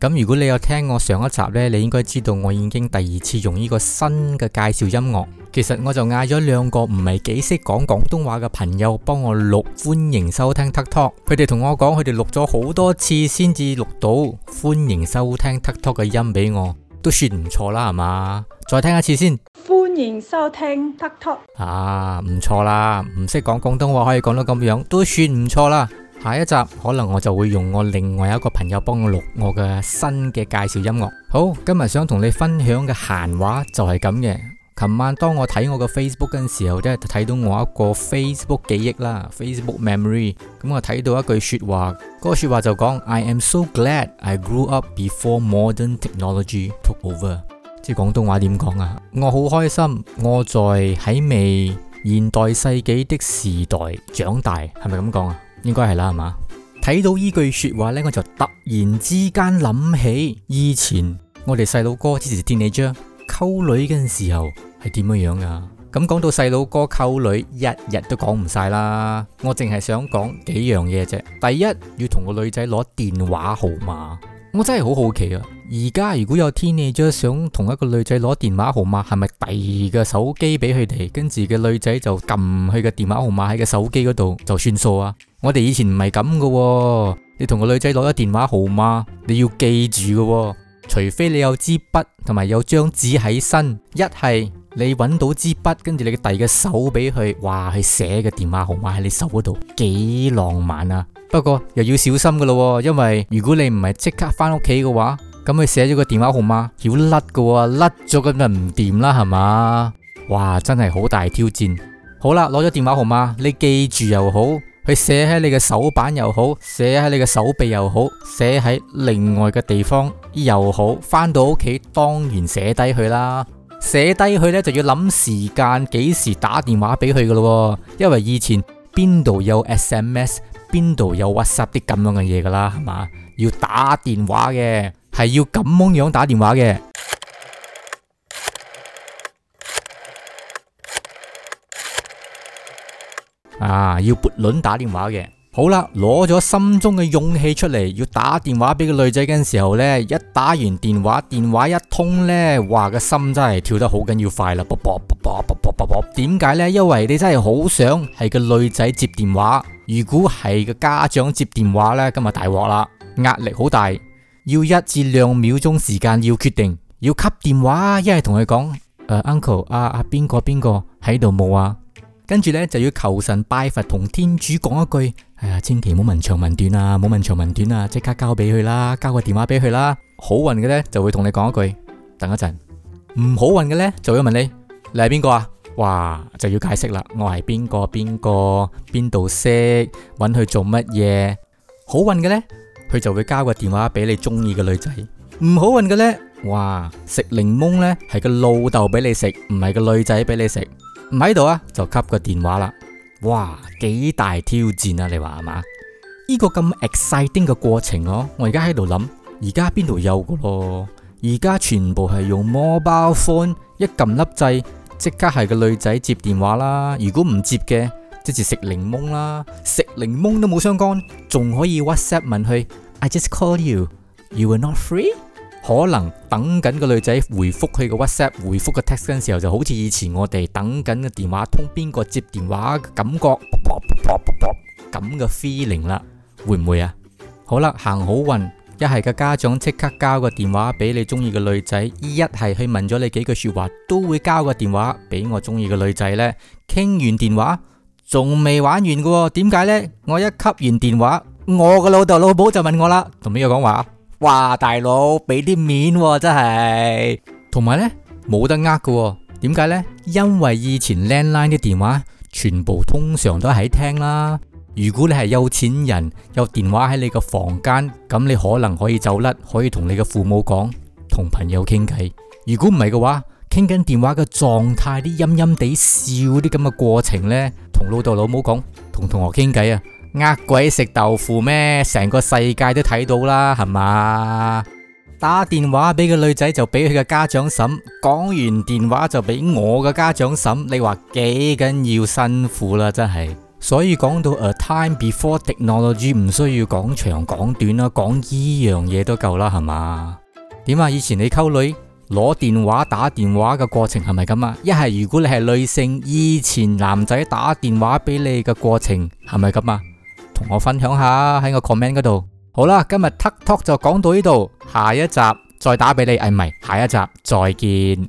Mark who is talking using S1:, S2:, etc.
S1: 咁如果你有聽我上一集呢，你應該知道我已經第二次用呢個新嘅介紹音樂。其實我就嗌咗兩個唔係幾識講廣東話嘅朋友幫我錄歡迎收聽 t i k t o、ok、k 佢哋同我講，佢哋錄咗好多次先至錄到歡迎收聽 t i k t o、ok、k 嘅音俾我，都算唔錯啦，係嘛？再聽一次先。歡迎收聽 t i k t o、ok、k 啊，唔錯啦，唔識講廣東話可以講到咁樣，都算唔錯啦。下一集可能我就會用我另外一個朋友幫我錄我嘅新嘅介紹音樂。好，今日想同你分享嘅閒話就係咁嘅。琴晚當我睇我嘅 Facebook 嗰陣時候，即係睇到我一個 Facebook 記憶啦，Facebook memory、嗯。咁我睇到一句說話，嗰、嗰個說話就講：I am so glad I grew up before modern technology took over。即係廣東話點講啊？我好開心，我在喺未現代世紀的時代長大，係咪咁講啊？應該係啦，係嘛？睇到依句說話呢，我就突然之間諗起以前我哋細佬哥之前天美張溝女嗰陣時候係點樣樣噶？咁、嗯、講到細佬哥溝女，日日都講唔晒啦，我淨係想講幾樣嘢啫。第一要同個女仔攞電話號碼。我真係好好奇啊！而家如果有天氣咗想同一個女仔攞電話號碼，係咪第二個手機俾佢哋？跟住個女仔就撳佢個電話號碼喺個手機嗰度就算數啊？我哋以前唔係咁噶，你同個女仔攞咗電話號碼，你要記住噶、哦，除非你有支筆同埋有張紙喺身。一係你揾到支筆，跟住你嘅第二個手俾佢，哇，佢寫嘅電話號碼喺你手嗰度，幾浪漫啊！不過又要小心噶咯，因為如果你唔係即刻翻屋企嘅話，咁佢寫咗個電話號碼要甩噶，甩咗咁就唔掂啦，係嘛？哇，真係好大挑戰。好啦，攞咗電話號碼，你記住又好，佢寫喺你嘅手板又好，寫喺你嘅手臂又好，寫喺另外嘅地方又好，翻到屋企當然寫低佢啦。寫低佢呢，就要諗時間幾時打電話俾佢噶咯，因為以前邊度有 SMS。邊度有 WhatsApp 啲咁樣嘅嘢噶啦，係嘛？要打電話嘅，係要咁樣樣打電話嘅。啊，要撥輪打電話嘅。好啦，攞咗心中嘅勇氣出嚟，要打電話俾個女仔嘅時候呢，一打完電話，電話一通呢，哇個心真係跳得好緊要快啦。啵啵啵啵啵啵啵，點解呢？因為你真係好想係個女仔接電話。如果係個家長接電話呢，今日大鑊啦，壓力好大，要一至兩秒鐘時間要決定，要接電話，一係同佢講，uncle，阿阿邊個邊個喺度冇啊，跟住、啊啊啊、呢，就要求神拜佛同天主講一句，係、哎、啊，千祈唔好問長問短啊，唔好問長問短啊，即刻交俾佢啦，交個電話俾佢啦，好運嘅呢，就會同你講一句，等一陣，唔好運嘅呢，就會問你，你係邊個啊？哇，就要解釋啦！我係邊個邊個，邊度識，搵佢做乜嘢？好運嘅呢，佢就會交個電話俾你中意嘅女仔；唔好運嘅呢，哇，食檸檬呢係個老豆俾你食，唔係個女仔俾你食。唔喺度啊，就給個電話啦！哇，幾大挑戰啊！你話係嘛？呢個咁 exciting 嘅過程我，我而家喺度諗，而家邊度有噶咯？而家全部係用 mobile phone，一撳粒掣。.即刻係個女仔接電話啦。如果唔接嘅，即係食檸檬啦。食檸檬都冇相干，仲可以 WhatsApp 問佢。I just called you, you are not free。可能等緊個女仔回覆佢個 WhatsApp 回覆個 text 嘅時候，就好似以前我哋等緊個電話通邊個接電話感覺咁嘅 feeling 啦。會唔會啊？好啦，行好運。一係個家長即刻交個電話俾你中意嘅女仔，一係去問咗你幾句說話，都會交個電話俾我中意嘅女仔。呢，傾完電話仲未玩完噶？點解呢？我一吸完電話，我個老豆老母就問我啦，同邊個講話？哇大佬，俾啲面、啊、真係。同埋呢，冇得呃噶，點解呢？因為以前 landline 啲電話全部通常都喺廳啦。如果你係有錢人，有電話喺你個房間，咁你可能可以走甩，可以同你嘅父母講，同朋友傾偈。如果唔係嘅話，傾緊電話嘅狀態，啲陰陰地笑啲咁嘅過程呢，同老豆老母講，同同學傾偈啊，呃鬼食豆腐咩？成個世界都睇到啦，係嘛？打電話俾個女仔就俾佢嘅家長審，講完電話就俾我嘅家長審，你話幾緊要辛苦啦，真係。所以講到 a time before technology，你唔需要講長講短啦，講依樣嘢都夠啦，係嘛？點啊？以前你溝女攞電話打電話嘅過程係咪咁啊？一係如果你係女性，以前男仔打電話俾你嘅過程係咪咁啊？同我分享下喺我 comment 嗰度。好啦，今日 Tuck Talk 就講到呢度，下一集再打俾你，係、哎、咪？下一集再見。